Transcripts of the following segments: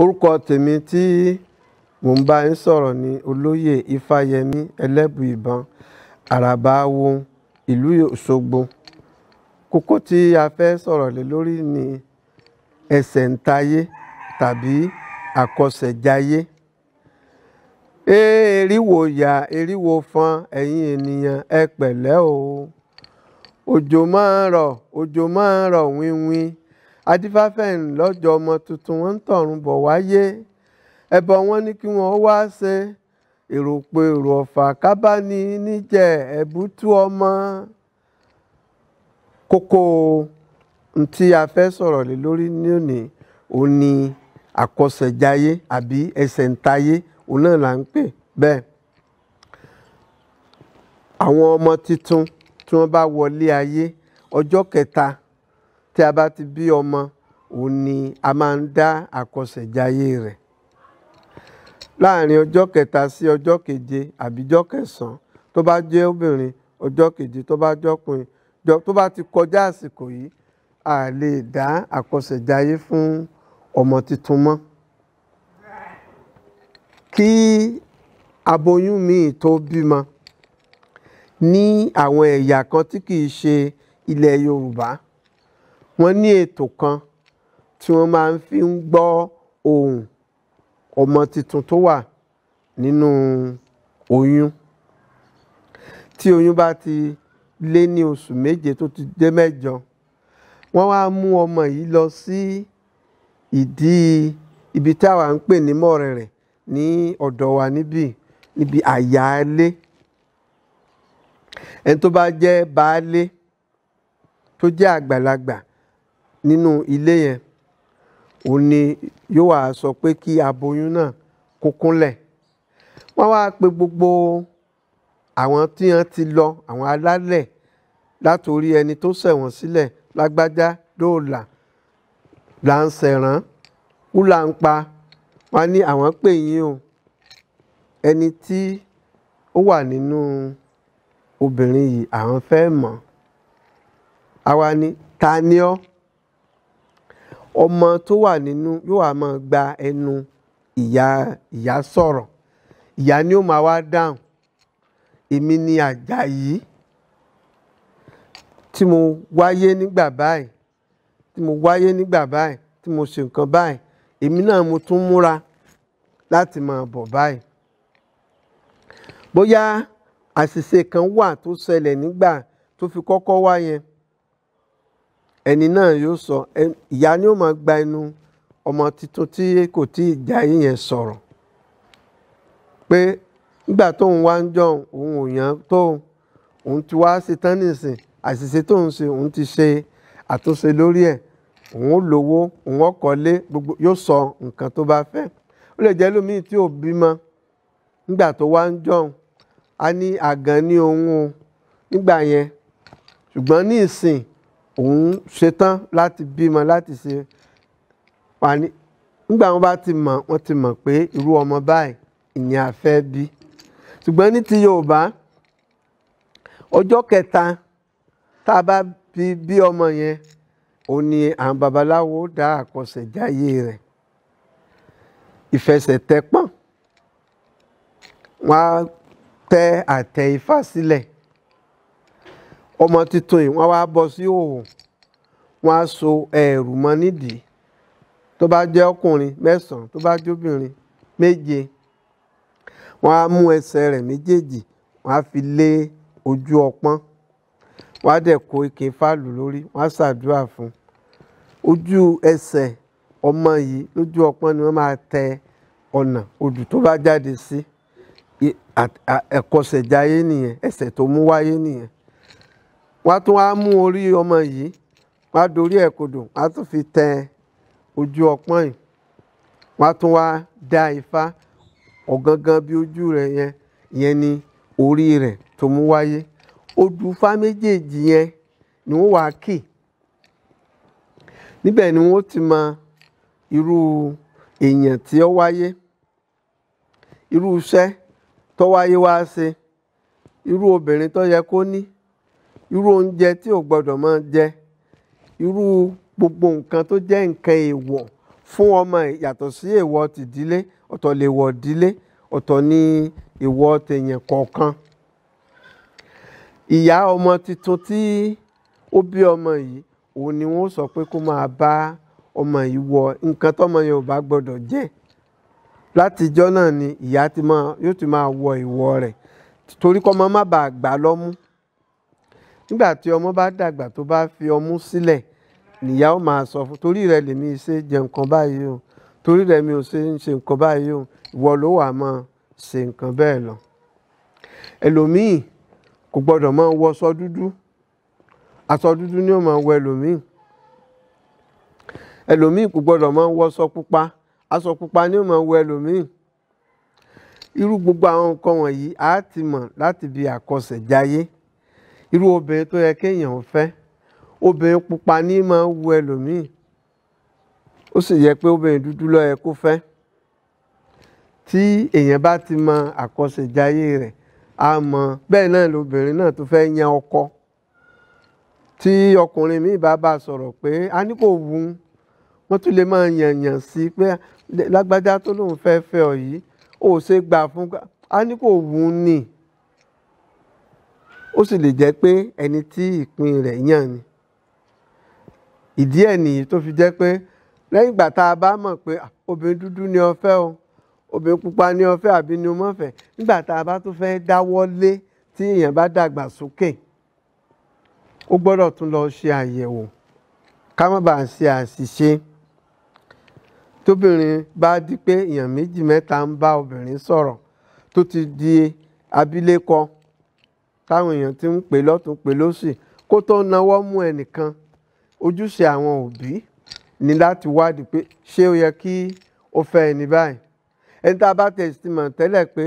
orúkọ tèmi tí mò ń bá yín sọ̀rọ̀ ni olóyè ifáyẹmí ẹlẹ́bùìbọn àràbà wohun ìlú òṣogbo kókó tí a fẹ́ sọ̀rọ̀ lé lórí ni ẹsẹ̀ǹtayé tàbí àkọsẹ̀jayé èèríwò yà èèríwò fọn ẹ̀yin ènìyàn ẹ pẹ̀lẹ́ o òjò máa ń rọ̀ òjò máa ń rọ̀ wínwín adífáfẹ́yìn lọ́jọ́ ọmọ tuntun wọn ń tọ̀run bọ̀ wáyé ẹbọ wọn ní kí wọ́n wá ṣe èrò pé èrò ọ̀fà kábàání níjẹ̀ ẹ̀bùtú ọmọ kókó tí a fẹ́ sọ̀rọ̀ lé lórí lónìí òun ni àkọsẹ̀jáyé àbí ẹsẹ̀ ń òun náà là ń pè bẹ́ẹ̀ àwọn ọmọ tuntun tí wọ́n bá wọlé ayé ọjọ́ kẹta tí a bá ti bí ọmọ òun ni a máa ń dá àkọsẹ̀jayé rẹ̀ láàrin ọjọ́ kẹta sí ọjọ́ keje àbíjọ́ kẹsàn-án tó bá jẹ́ obìnrin ọjọ́ keje tó bá jọ́kùnrin tó bá ti kọjá àsìkò yìí a lè dá àkọsẹ̀jayé fún ọmọ tuntun mọ́ kí aboyún míì tó bímọ ní àwọn ẹ̀yà kan tí kì í ṣe ilẹ̀ Yorùbá wọ́n ní ètò kan tí wọ́n máa ń fi ń gbọ́ ohùn ọmọ tuntun tó wà nínú oyún tí oyún bá ti lé ní oṣù méje tó ti dé mẹ́jọ wọ́n wá mú ọmọ yìí lọ sí ìdí ibi táwa ń pè ní mọ́ọ̀rẹ́ ní ọ̀dọ̀ wa níbí níbi àyáálé ẹni tó bá jẹ́ baálé tó jẹ́ àgbàlagbà nínú ilé yẹn òun ni yóò wá sọ pé kí aboyún náà kó kúnlẹ̀ wọ́n wá pe gbogbo àwọn tí wọ́n ti lọ àwọn alálẹ̀ látòrí ẹni tó ṣẹ̀wọ̀n sílẹ̀ lágbájá dóòlà là ń ṣẹ̀ràn kú là ń pa wọ́n ní àwọn pè yín o ẹni tí ó wà nínú obìnrin yìí àwọn fẹ́ mọ̀ àwa ni ta ni ọ́ ọmọ tó wà nínú yóò wá máa gba ẹnu ìyá ìyá sọ̀rọ̀ ìyá ni ó máa wá dáhùn èmi ni Àjàyí tí mo wáyé nígbà báyìí tí mo wáyé nígbà báyìí tí mo ṣe nǹkan báyìí èmi náà mo tún múra láti máa bọ̀ báyìí bóyá àṣìṣe kan wà tó ṣẹlẹ̀ nígbà tó fi kọ́kọ́ wá yẹn ẹni náà yóò sọ ìyá ni ó máa gba inú ọmọ tuntun tí kò tí ì jáyé yẹn sọ̀rọ̀ pé nígbà tóun wá ń jọ òun ò yàn tóun òun ti wá ṣetán nìsín àṣìṣe tóun ṣe òun ti ṣe àtúnṣe lórí ẹ̀ òun ó lówó òun ó gbogbo yóò sọ nǹkan tó bá fẹ́ ó lè jẹ́ lómi tí ò bímọ nígbà tó wá ń jọ a ní àgàn ní òun nígbà yẹn ṣùgbọ́n ní ìsìn òun ṣetán láti bímọ láti ṣe pàní nígbà wọn bá ti mọ̀ wọn ti mọ̀ pé irú ọmọ báyìí ìyẹn a fẹ́ bí ṣùgbọ́n ní ti Yorùbá ọjọ́ kẹta tá a bá bí bí ọmọ yẹn ó ní àwọn babaláwo dá àkọsẹ̀jáyé rẹ̀ ìfẹsẹ̀tẹ̀pọ̀n wọ́n á tẹ àtẹ Ifá sílẹ̀. Si ọmọ tuntun yìí wọ́n wá bọ́ sí òwò wọ́n á so ẹ̀rù mọ́ nídìí tó bá jẹ́ ọkùnrin mẹ́sàn-án tó bá jóbìnrin méje wọ́n á mú ẹsẹ̀ rẹ̀ méjèèjì wọ́n á fi lé ojú ọpọ́n wọ́n á dẹ̀ kó ike fáàlù lórí wọ́n á ṣàdúrà fún ojú ẹsẹ̀ ọmọ yìí lójú ọpọ́n ni wọ́n máa tẹ ọ̀nà odù tó bá jáde sí ẹ̀kọ́sẹ̀jáyé nìyẹn ẹsẹ̀ tó mú wáyé nìyẹn wọ́n á tún wá mú orí ọmọ yìí wọ́n á dorí ẹ̀ kodò wọ́n á tún fi tẹ ojú ọpọ́n yìí wọ́n tún wá dá ifá ọ̀gangan bí ojú rẹ̀ yẹn yẹn ni orí rẹ̀ tó mú wáyé odù ifá méjèèjì yẹn ni wọ́n wàá kì níbẹ̀ ni wọ́n ti mọ irú èèyàn tí ó wáyé irú iṣẹ́ tó wáyé wá ṣe irú obìnrin tó yẹ kó ní irú oúnjẹ tí ò gbọ́dọ̀ máa jẹ irú gbogbo nǹkan tó jẹ́ nǹkan èèwọ̀ fún ọmọ yàtọ̀ sí èèwọ̀ tìdílé ọ̀tọ̀ lèèwọ̀ dílé ọ̀tọ̀ ní èèwọ̀ tèèyàn kọ̀ọ̀kan ìyá ọmọ tuntun tí ó bí ọmọ yìí òun ni wọ́n sọ pé kó máa bá ọmọ yìí wọ nǹkan tọ́mọ yẹn ò bá gbọ́dọ̀ jẹ látijọ́ náà ni ìyá yóò ti máa wọ ìwọ rẹ̀ torí kọ́ ọmọ má bàa gbà lọ́mú nígbà tí ọmọ bá dàgbà tó bá fi ọmú sílẹ̀ nìyá ó máa sọ fún torí rẹ lèmi ṣe jẹ nǹkan báyìí o torí rẹ mi ò ṣe ń ṣe nǹkan báyìí o ìwọ ló wà máa ṣe nǹkan bẹ́ẹ̀ lọ ẹlòmíì kò gbọdọ̀ máa wọ aṣọ dúdú aṣọ dúdú ni ó máa wọ ẹlòmíì ẹlòmíì kò gbọdọ̀ máa wọ aṣọ pupa aṣọ pupa ni ó máa wọ ẹlòmíì irú gbogbo àwọn nǹkan wọ̀nyí á ti mọ̀ láti bí àkọsẹ̀jáyé irú obìnrin tó yẹ kéèyàn ń fẹ́ obìnrin pupa ní máa ń wu ẹlòmíì ó sì yẹ pé obìnrin dúdú ló yẹ kó fẹ́ tí èèyàn bá ti mọ àkọsẹ̀jáyé rẹ̀ a mọ̀ bẹ́ẹ̀ náà lobìnrin náà tó fẹ́ yan ọkọ tí ọkùnrin mi bá bá sọ̀rọ̀ pé a ní kò wù wọ́n tún lè máa yànyàn sí pé lágbájá tó lóun fẹ́ fẹ́ ọ yìí ó ṣe gbà fún a ní kò wù ú ó sì lè jẹ́ pé ẹni tí ìpín rẹ̀ yàn ni ìdí ẹ̀ nìyí tó fi jẹ́ pé lẹ́yìn ìgbà tá a bá mọ̀ pé obìnrin dúdú ni o fẹ́ o obìnrin pupa ni o àbí ni o mọ̀ fẹ́ nígbà tá a bá tún fẹ́ dáwọ́ lé tí èèyàn bá dàgbà sókè ó gbọ́dọ̀ tún lọ ṣe àyẹ̀wò ká má bàa ṣe àṣìṣe tóbìnrin bá di pé èèyàn méjì mẹ́ta ń bá obìnrin sọ̀rọ̀ tó ti di abilékọ táwọn èèyàn ti ń pè lọ́tún pè lọ́sì kó tó náwó mú ẹnìkan ojúṣe àwọn òbí ni láti wádìí pé ṣé ó yẹ kí ó fẹ́ ẹni báyìí ẹni tá a bá tẹ̀ sí mọ̀ tẹ́lẹ̀ pé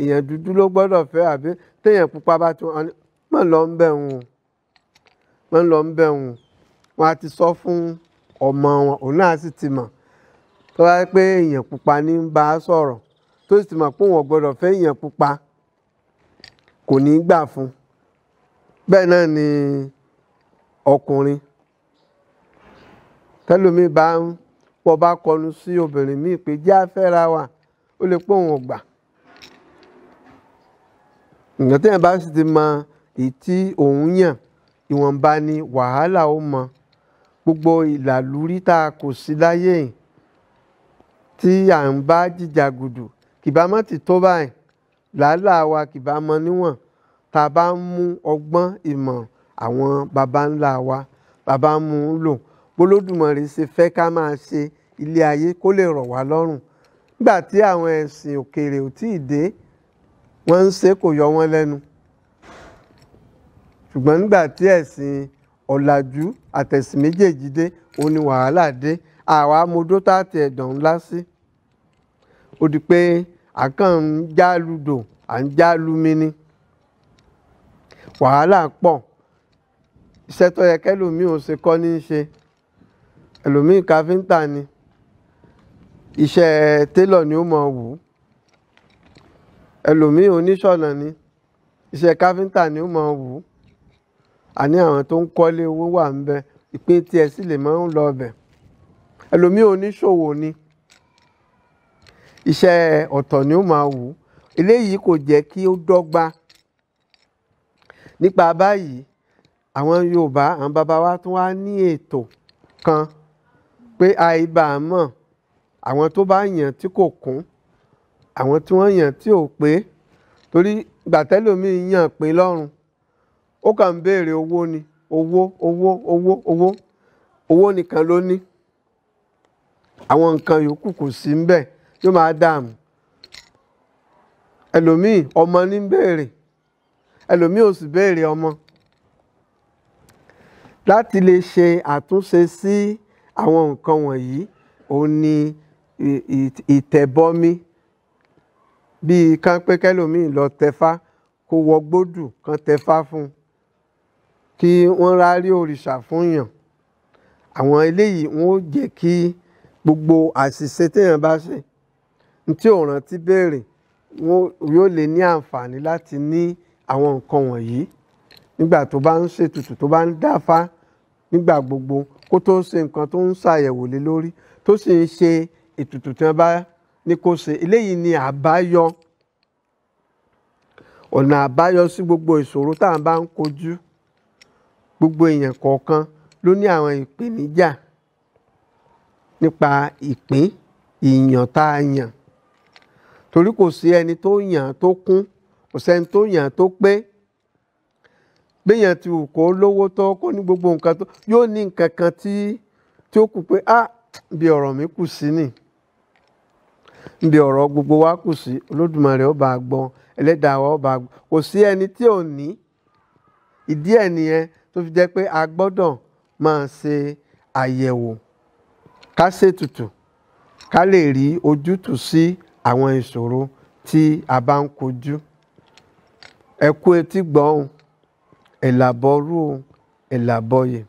èèyàn dúdú ló gbọ́dọ̀ fẹ́ àbí téèyàn pupa bá ti wọn mọ̀ lọ ń bẹ̀ wọn mọ̀ lọ ń bẹ̀ wọn wọn á ti sọ fún ọmọ wọn òun náà sì ti mọ̀ tó wáyé pé èèyàn pupa ní bá a sọ̀rọ̀ tó sì ti mọ̀ pé òun ò gbọ́dọ̀ fẹ́ èèyàn pupa kò ní gbà fún bẹ́ẹ̀ náà ni ọkùnrin tẹ́lómi bá ń pọ̀ bá kọnu sí obìnrin míì pé jẹ́ afẹ́ra wa ó lè pọ̀ òun ọ̀gbà nǹkan tẹ́yìn bá sì ti mọ èyí tí òun yàn ìwọ̀nba ni wàhálà ó mọ gbogbo ìlàlúrí tá a kò sí láyé yìí tí à ń bá jìjàgùdù kì ti tó báyìí làálàá wa kì bá mọ níwọ̀n tá a bá ń mú ọgbọ́n ìmọ̀ àwọn baba ńlá wa bàbá ń mú un lò bólódùmarè ṣe fẹ́ ká máa ṣe ilé ayé kó lè rọ̀ wá lọ́rùn nígbà tí àwọn ẹ̀sìn òkèèrè ò tí ì dé wọ́n ń ṣe kò yọ wọ́n lẹ́nu ṣùgbọ́n nígbà tí ẹ̀sìn ọ̀làjú àtẹ̀sìn méjèèjì dé òun ni wàhálà dé àwa mojó tá àti ẹ̀dàn ńlá sí ó di pé àkàn ń jáludò à ń jálumi ni wàhálà pọ̀ iṣẹ́ tó yẹ kẹ́lòmíì ò ṣe kọ́ ní í ṣe ẹlòmíì káfíńtà ni iṣẹ́ télọ̀ ni ó mọ̀ wù ú ẹlòmíì oníṣọ̀nà ni iṣẹ́ káfíńtà ni ó mọ̀ wù ú àní àwọn tó ń kọ́lé owó wà ń bẹ ìpín tiẹ̀ sì lè máa ń lọ ọbẹ̀ ẹlòmíì oníṣòwò ni. Iṣẹ́, iṣẹ́ ọ̀tọ̀ ni ó máa wù eléyìí kò jẹ́ kí ó dọ́gba nípa báyìí àwọn Yorùbá àwọn bàbá wa tún wá ní ètò kan pé àìbá mọ̀ àwọn tó bá yàn tí kò kún àwọn tí wọ́n yàn tí ò pé torí gbàtẹ́lómi yàn pé lọ́rùn ó kàn ń béèrè owó ni owó owó owó owó owó nìkan ló ní àwọn nǹkan yòókù kò sí ń bẹ́ẹ̀ yóò máa dààmú ẹlòmíì ọmọ ní béèrè ẹlòmíì ò sì béèrè ọmọ láti lè ṣe àtúnṣe sí àwọn nǹkan wọ̀nyí òun ni ìtẹ̀bọmi bíi kan pé kẹlòmíì lọ tẹfá kó wọ gbódù kan tẹfá fún kí wọ́n rárí òrìṣà fún yàn àwọn eléyìí wọ́n ó jẹ́ kí gbogbo àṣìṣe téèyàn bá ṣe tí ò rántí béèrè yóò lè ní àǹfààní láti ní àwọn nǹkan wọ̀nyí nígbà tó bá ń ṣètùtù tó bá ń dáfá nígbà gbogbo kó tó ṣe nǹkan tó ń ṣàyẹ̀wò lé lórí tó sì ń ṣe ètùtù tí wọ́n bá ní kó ṣe eléyìí ni àbáyọ ọ̀nà àbáyọ sí gbogbo ìṣòro tá à ń bá ń kojú gbogbo èèyàn kọ̀ọ̀kan ló ní àwọn ìpèníjà nípa ìpín ìyàn tá a yàn torí kò sí ẹni tó yàn tó kún kò sẹ́ni tó yàn tó pé gbéyàn ti wù kó lówó tó kó ní gbogbo nǹkan tó yóò ní nǹkan kan tí tí ó kù pé ah bí ọ̀rọ̀ mi kù sí ni bí ọ̀rọ̀ gbogbo wa kù sí olódùmarè ó bá gbọ́ ẹlẹ́dàá wa ó bá gbọ́ kò sí ẹni tí ò ní ìdí ẹ̀ nìyẹn tó fi jẹ́ pé a gbọ́dọ̀ máa ṣe àyẹ̀wò ká ṣètùtù ká lè rí ojútùú sí àwọn ìṣòro tí a bá ń kojú ẹ kú etí gbọ́ ohun ẹ̀làbọ̀rú ohun ẹ̀làbọ̀yè.